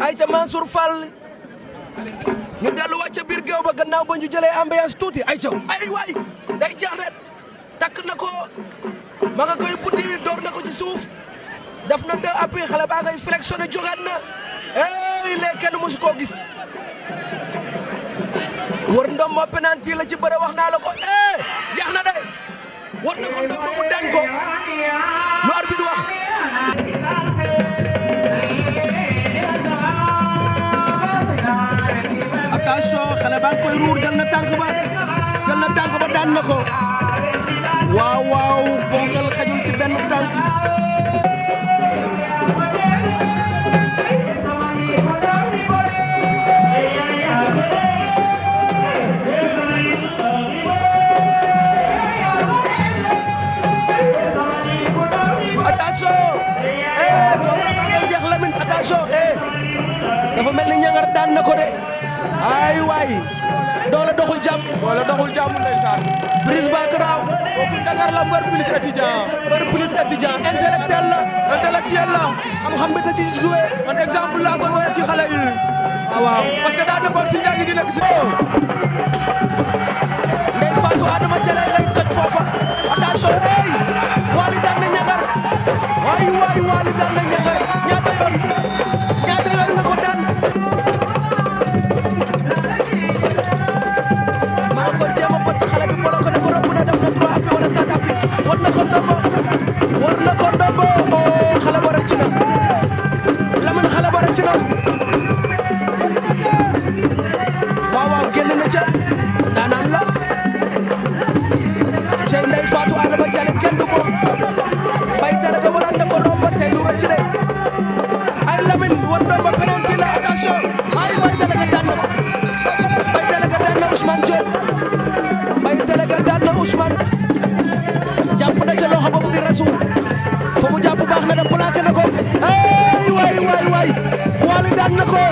Aïcha Mansour Fall ñu delluwaat ca biir géew ba gannaaw ba ñu jëlee ambiance tuuti Aïcha ay waay day jeex de takk na ko ma nga koy buddi door na ko ci suuf def na deux appui xale baa ngay flexionné jógaat na ey léegi kenn mosu koo gis war ndombo penalty la ci bëre wax naa la ko eh jeex na de war na ko ndombo dañ ko baa ngi koy ruur jël na tànk ba jël na tànk ba daan na ko waaw waaw bonkal xajul ci benn tànk attention eh Lamine attention eh. ay waay doole doxul jàmm doole doxul jàmm ndeysaan Brise ba garaaw kooku Dakar la mbër plus étudiant mbër plus étudiant intellectuel la intellectuel la xam-xam bi da ci man exemple laa koy wone xale yi ah, waaw parce que daa si njàng gi nekk si oh. Lamine war na ba penalty la attention ay Mbaye Délégué daan na ko Mbaye Délégué daan na Ousmane Diop Mbaye Délégué daan na Ousmane jàpp na ca loxo ba mu ngi rasu fa mu jàpp baax na na ko ay waay waay waay Waly daan na ko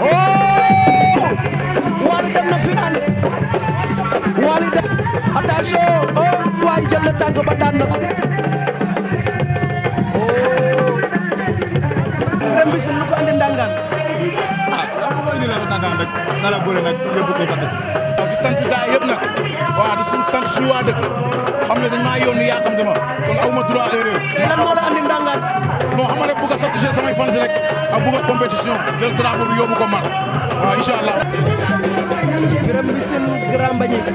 oh Waly dem na final Waly dem attention oh waay jël na tànk ba daan na ko yàqamti ma kon aw ma droit erreur. tey lan moo la andi ndàngaan. non xam nga rek bëgg a satisfaire samay fans rek ak bëgg a compétition jël drapeau bi yóbbu ko mar waaw incha allah. gërëm bi seen grand Mbagnick.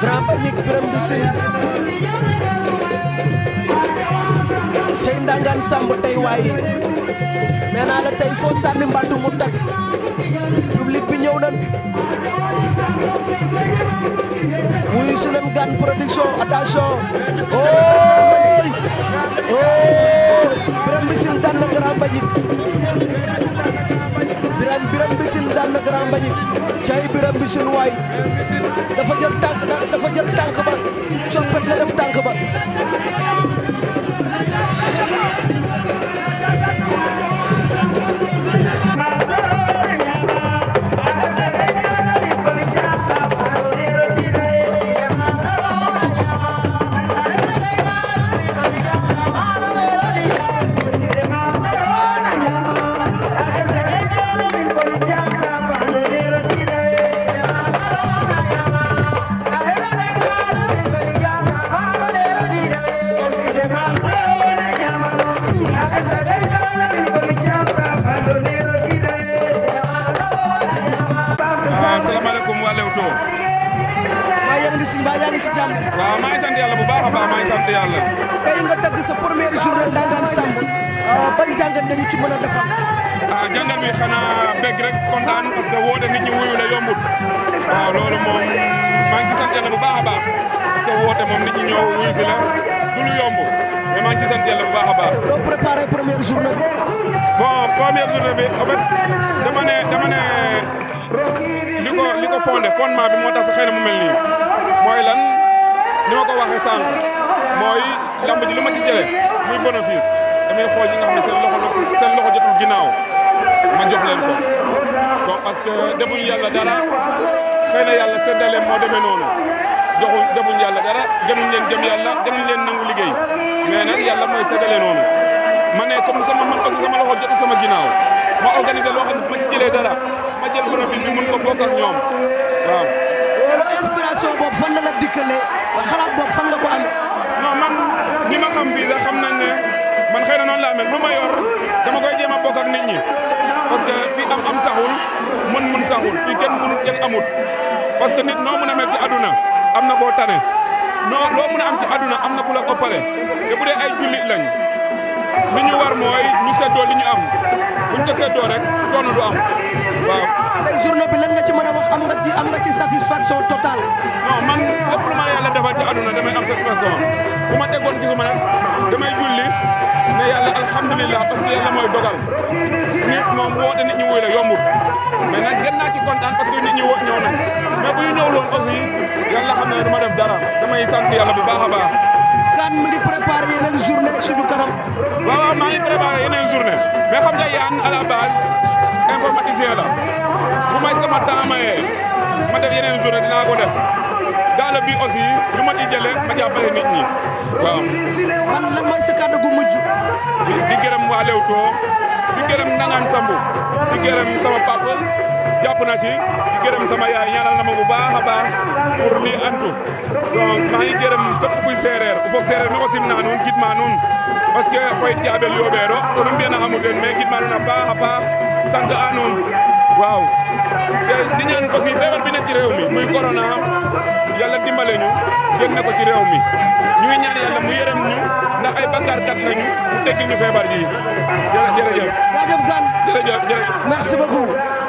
Grand Mbagnick sëñ cey ndangaan sàmb tey waaye nee naa la tey foo sànni mbattu mu tak public bi ñëw nan wuyu si nan gan production attention ooy oo biram bisin daan na grand mbañik biram biram bisin daan na grand mbañik cey biram bisin waay dafa jël baax maa ngi sant yàlla. tey nga tagg sa première journée Ndangane Samb euh, ban jàngat nañu ci mën a defal. ah jàngat bi xanaa bëgg rek kontaan parce que woote nit ñi wuyu la yombul waaw ah, loolu moom maa ngi sant yàlla bu baax a baax parce que woote moom nit ñi ñëw wuyu si la du lu maa ngi sant bu baax a baax. doo préparé première journée bi. bon première journée bi en dama ne dama ne li ko li ko fondé fondement bi moo tax sa mu mel nii mooy lan. ni ma ko waxee sànq mooy lamb ji lu ma ci jëlee muy bénéfice damay xool ñi nga xam ne seen loxo seen loxo jotul ginnaaw ma jox leen ko. bon parce que defuñ yàlla dara xëy na yàlla seddale moo demee noonu joxu defuñ yàlla dara gënuñ leen jëm yàlla gënuñ leen nangu liggéey mais nag yàlla mooy seddale noonu. ma ne comme sama man aussi sama loxo jotul sama ginnaaw ma organiser loo xam ne bu ma ci jëlee dara ma jël bénéfice bi mun ko bokk ak ñoom waaw. loolu inspiration boobu fan am visa xam nañ ne man xëy na noonu laa mel lu ma yor dama koy jéem a bokk ak ñi parce fi am am saxul mën mën saxul fi kenn mënut kenn amut parce que nit noo mën a aduna am na koo tane noo loo mën a am ci aduna am na ku la ëppale bu dee ay jullit lañ li ñu war mooy ñu seddoo li ñu am buñ ko seddoo rek doon du am waaw. tey journée bi lan nga ci mën a wax am nga ci am nga ci satisfaction totale. non man lépp lu ma yàlla defal ci aduna damay am satisfaction bu ma teggoon gisuma nag damay julli ne yàlla alhamdulilah parce que yàlla mooy dogal nit moom woote nit ñi wuy la yombut mais nag gën naa ci kontaan parce que nit ñi woo ñëw nañ mais bu ñu ñëwul woon yàlla xam na def dara damay sant yàlla bu baax a mi ngi préparé An à la base informaticien la bu may sama temps mayee ma def yeneen journée dinaa ko def dans bi but lu ma ci jëlee ma jàppale nit ñi waaw. man lan mooy sa kàddu gu mujj. di gërëm waa Leewtoo di gërëm Ndangaan Samb di gërëm sama papa jàpp naa ci. gërëm sama yaay ñaanal na ma bu baax a baax pour mi antu donc maa ngi gërëm képp kuy seereer u foog seereer maxo simna nuun gidma nuun parce que xoyit jaɓel yooɓeero to nu mbi'an a xamu teen mais gidma nuun a baax a baax sant a nuun waaw te di ñaan aussi feebar bi nekk ci réew mi muy corona yàlla dimbale ñu génne ko ci réew mi ñuy ñaan yàlla mu yërëm ñu ndax ay bakkaar kat nañu mu teggil ñu feebar ji jërëjëf jërëjëf gan jërëjëf jërëjëf merci beaucoup